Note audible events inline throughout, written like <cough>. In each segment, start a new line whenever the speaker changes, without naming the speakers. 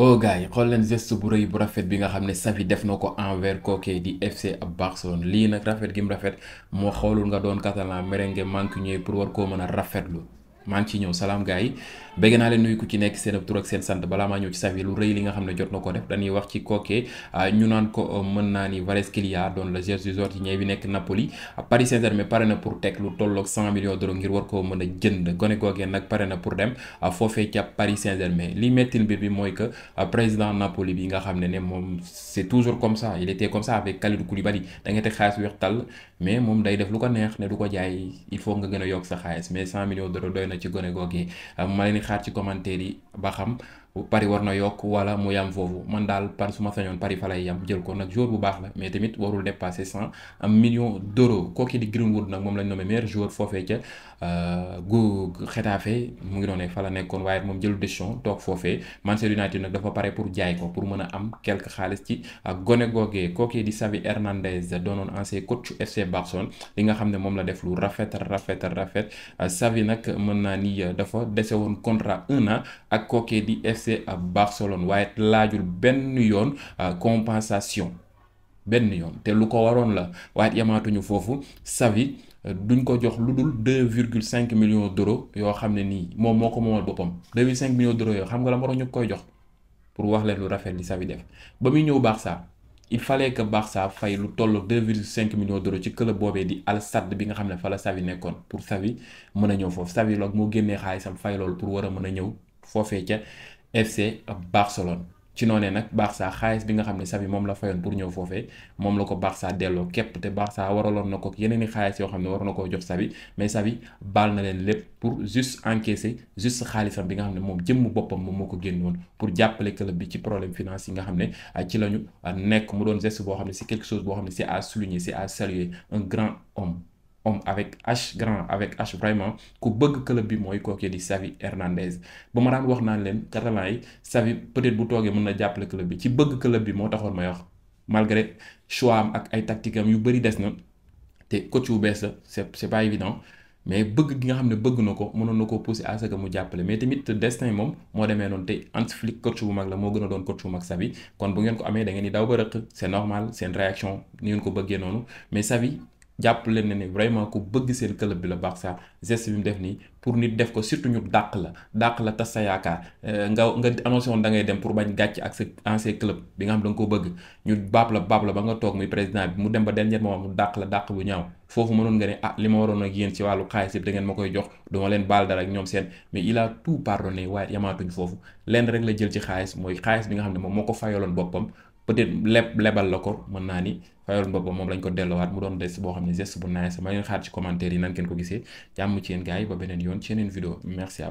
oh gars yi xool leen geste bu rëy bu rafet bi nga xam ne Xavi def na ko envers kookee di FC ab Barcelone lii nag rafet gi mu rafet moo xoolul nga doon catalan merengue manqué ñooy pour war koo mën a rafetlu. maa ngi ñëw salaam gars yi bëgg naa leen nuyu ku ci nekk seen ab tur ak seen sant balaa maa ñëw ci saf yi lu rëy li nga xam ne jot na ko def dañuy wax ci Koke ah, ñu naan ko euh, mën naa ni Kvaratskhelia doon la Gersdorpfien bi nekk Napoli ah, Paris Saint-Germain pare na pour teg lu tolloog 100 millions d'euros ngir war koo mën a jënd gone googee nag pare na pour dem ah, foofee ca Paris Saint-Germain li mettil mbir bi mooy que président Napoli bi nga xam moom c'est toujours comme ça il était comme ça avec Kalidou Koulibaly da ci gone goog yi ma leen di xaar ci commentaire yi ba xam Paris war na yokk wala mu yam foofu man daal par su ma sañoon Paris fa lay yam jël ko nag joueur bu baax la mais tamit warul dépasser cent millions d'euros moom lañ nommé meilleur joueur foofee ca euh, mu ngi doonee fa la nekkoon waaye moom jëlu décision toog foofee Manchester United dafa pare pour jaay ko pour mën a am quelque xaalis ci euh, gone googee kooki di Xavi Hernandez doonoon ancien coach FC Barcelone li nga xam ne moom la def lu rafet rafet rafet euh, Xavi nag mën naa ni dafa dese woon contrat un an ak kooki di FC Barcelone waaye laajul benn yoon euh, compensation benn yoon te lu ko waroon la waaye yamaatuñu foofu Xavi euh, duñ ko jox lu dul deux virgule cinq millions d'euros yoo xam ne nii moom moo ko moomal boppam deux virgule cinq millions d'euros yoo xam nga la waroon ñu koy jox pour wax leen lu rafet li Xavi def ba muy ñëw Barça il fallait que Barça fay lu toll 2,5 millions d'euros ci club boobee di Al Sadd bi nga xam ne fa la Xavi nekkoon pour Xavi mën a ñëw foofu Xavi loog moo génnee xaalisam fay loolu pour war a mën a ñëw FC Barcelone ci noonee nag Barça xaalis bi nga xam ne Xavi moom la fayoon pour ñëw foofee moom la ko Barça delloo képp te Barça waraloon na ko yeneen i xaalis yoo xam ne war na koo jox Xavi mais Xavi baal na leen lépp pour juste encaisser juste xaalisam bi nga xam ne moom jëmm boppam moom ma ko génnoon pour jàppale club bi ci problème finance yi nga xam ne ah, ci la ah, nekk mu doon geste boo xam ne c'est quelque chose boo xam ne c'est a souligner c'est à saluer un grand homme homme avec H grand avec H vraiment ku bëgg club bi mooy kookee di Xavi Hernandez bu ma daan wax naa leen catalan yi Xavi peut-être bu toogee mën na jàppale club bi ci bëgg club bi moo taxoon may wax malgré choix am ak ay tactique yu bëri des na te coach bu bees la c'est c'est pas évident mais bëgg gi nga xam ne bëgg na ko mënoon na ko pousser à ce mu jàppale mais tamit destin moom moo demee noonu tey Hans Flick coach bu mag la moo gën a doon coach bu mag Xavi kon bu ngeen ko amee da ngeen di daw ba rëq c'est normal ngeen ko bëggee noonu mais Xavi jàpp leen ne ne vraiment ku bëgg seen club bi la Barça geste bi mu def nii pour nit def ko surtout ñu dàq la dàq la tas sa yaakaar euh, nga nga annoncé woon da dem pour bañ gàcc ak sa ancien club bi nga xam da nga ko bëgg ñu baab la baab la ba nga toog muy président bi mu dem ba dernier moment mu dàq la dàq bu ñaaw foofu mënoon nga ne ah li ma waroon ak yéen ci wàllu xaalis yëpp da ngeen ma koy jox duma leen baal dara ak ñoom seen mais il a tout pardonné waaye lenn rek la jël ci xaalis mooy xaalis bi nga xam ne moom moo ko fayaloon boppam peut-être lebal la ko mën naa ni fayoon boppam moom lañ ko dellowaat mu doon des boo xam ne geste bu nice ma leen xaar ci commentaire yi nan ngeen ko gisee jàmm ci yéen gars ba beneen yoon ci yeneen vidéo merci à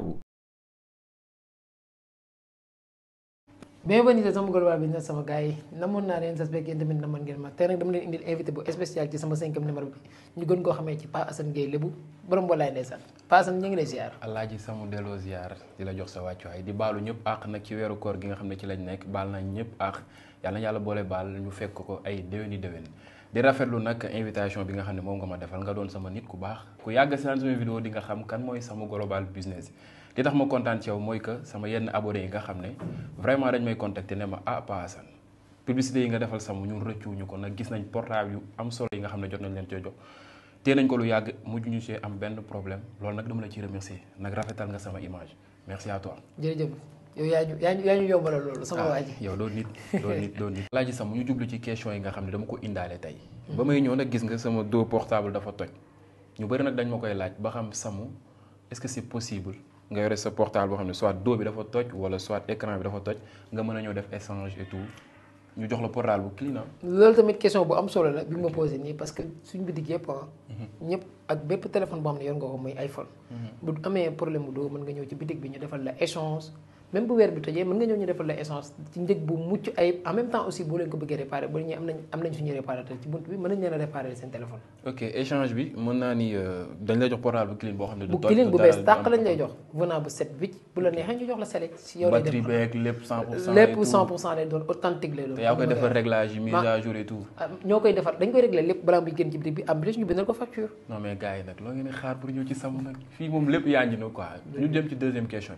bienvenue ci sama global business sama gars yi namoon naa leen sas beeg yéen tamit namoon ngeen ma tey nag dama leen indil invité bu spécial ci sama cinquième numéro bi ñu gën koo xamee ci Pa Assane Gueye lébu borom walaay ndeysaan Pa Assane ñu ngi lay ziar
alaaji sama delloo ziar di la jox sa wàccuwaay di baalu ñëpp àq nag ci weeru koor gi nga xam ne ci lañ nekk baal nañ ñëpp àq yàlla yàlla boole baal ñu fekk ko ay déwéni déwén di rafetlu nag invitation bi nga xam ne moom nga ma defal nga doon sama nit ku baax ku yàgg si naan sama vidéo di nga xam kan mooy sama global business li tax ma kontaan ci yow mooy que sama yenn abonné yi nga xam ne vraiment dañ may contacter ne ma ah Pa Assane publicité yi nga defal sama ñun rëccuwuñu ko nag gis nañ portable yu am solo yi nga xam ne jot nañ leen cee jox te nañ ko lu yàgg mujj ñu see am benn problème loolu nag dama la ciy remercier nag nga sama image merci
yow yaa ñu yaa ñu yaa ñu yombalal loolu sama ah, waa ji
yow loolu nit loolu nit loolu nit <laughs> mu ñu jublu ci question yi nga xam ne dama ko indaale tey ba may ñëw nag gis nga sama dos portable dafa toj ñu bëri nag dañ ma koy laaj ba xam samu est-ce que c'est possible nga yore sa portable boo xam ne soit dos bi dafa toj wala soit écran bi dafa toj nga mën a ñëw def échange et tout ñu jox la portable bu client ah.
loolu tamit question bu am solo la bi ma posé nii parce que suñ bitig yëpp ah, mhm. boo xam ne yor ko muy iPhone. Mhm. bu amee problème bu bi ñu defal même bu weer bi tojee mën nga ñëw ñu defal la essence ci njëg bu mucc ayib en même temps aussi boo leen ko bëggee réparé ba ñu am nañ suñu réparateur ci bunt bi mën nañ leen seen téléphone.
ok échange bi mën naa ni euh, dañ lay jox portable bu clean boo xam ne. du bu clean bu bees tàq lañ
lay jox venant bu set wicc bu la neexee ñu jox la select si yow lay def
batterie beeg
doon authentique lay doon. te yaa koy defar
réglage yi mise à jour et tout. Ah, ñoo koy defar